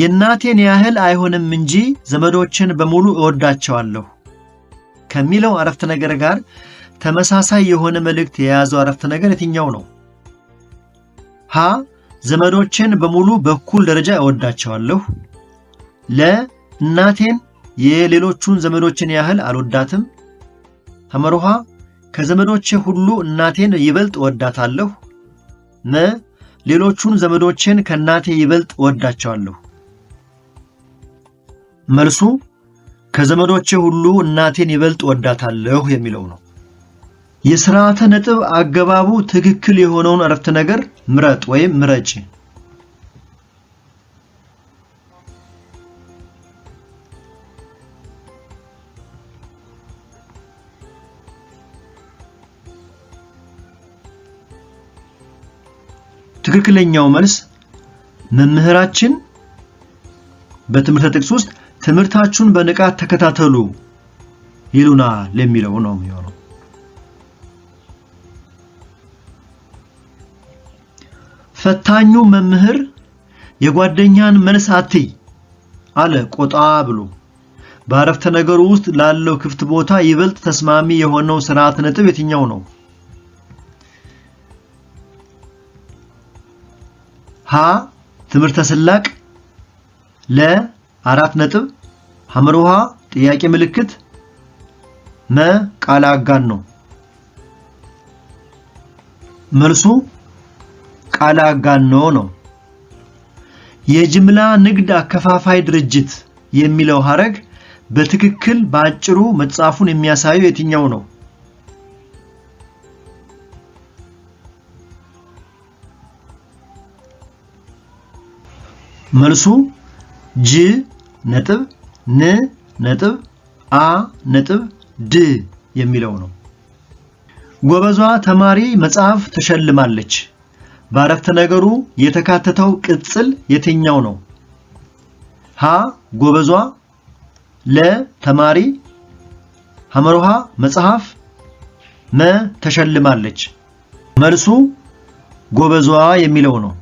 የእናቴን ያህል አይሆንም እንጂ ዘመዶችን በሙሉ እወዳቸዋለሁ ከሚለው አረፍተ ነገር ጋር ተመሳሳይ የሆነ መልእክት የያዘው አረፍተ ነገር የትኛው ነው? ሀ ዘመዶችን በሙሉ በኩል ደረጃ እወዳቸዋለሁ። ለ እናቴን የሌሎቹን ዘመዶችን ያህል አልወዳትም። ሐመርሃ ከዘመዶቼ ሁሉ እናቴን ይበልጥ እወዳታለሁ። መ ሌሎቹን ዘመዶችን ከእናቴ ይበልጥ እወዳቸዋለሁ። መልሱ ከዘመዶቼ ሁሉ እናቴን ይበልጥ ወዳታለሁ የሚለው ነው። የስርዓተ ነጥብ አገባቡ ትክክል የሆነውን አረፍተ ነገር ምረጥ ወይም ምረጭ። ትክክለኛው መልስ መምህራችን በትምህርተ ጥቅስ ውስጥ ትምህርታችሁን በንቃት ተከታተሉ ይሉናል የሚለው ነው የሚሆነው። ፈታኙ መምህር የጓደኛን መልስ አትይ አለ ቆጣ ብሎ። በአረፍተ ነገር ውስጥ ላለው ክፍት ቦታ ይበልጥ ተስማሚ የሆነው ስርዓት ነጥብ የትኛው ነው? ሀ ትምህርተ ስላቅ ለ አራት ነጥብ ሐመር ውሃ ጥያቄ ምልክት መ ቃለ አጋን ነው። መልሱ ቃለ አጋን ነው ነው። የጅምላ ንግድ አከፋፋይ ድርጅት የሚለው ሐረግ በትክክል በአጭሩ መጻፉን የሚያሳየው የትኛው ነው? መልሱ ጅ ነጥብ ን ነጥብ አ ነጥብ ድ የሚለው ነው። ጎበዟ ተማሪ መጽሐፍ ተሸልማለች። በአረፍተ ነገሩ የተካተተው ቅጽል የትኛው ነው? ሀ ጎበዟ፣ ለ ተማሪ፣ ሐመሮሃ መጽሐፍ፣ መ ተሸልማለች። መልሱ ጎበዟ የሚለው ነው።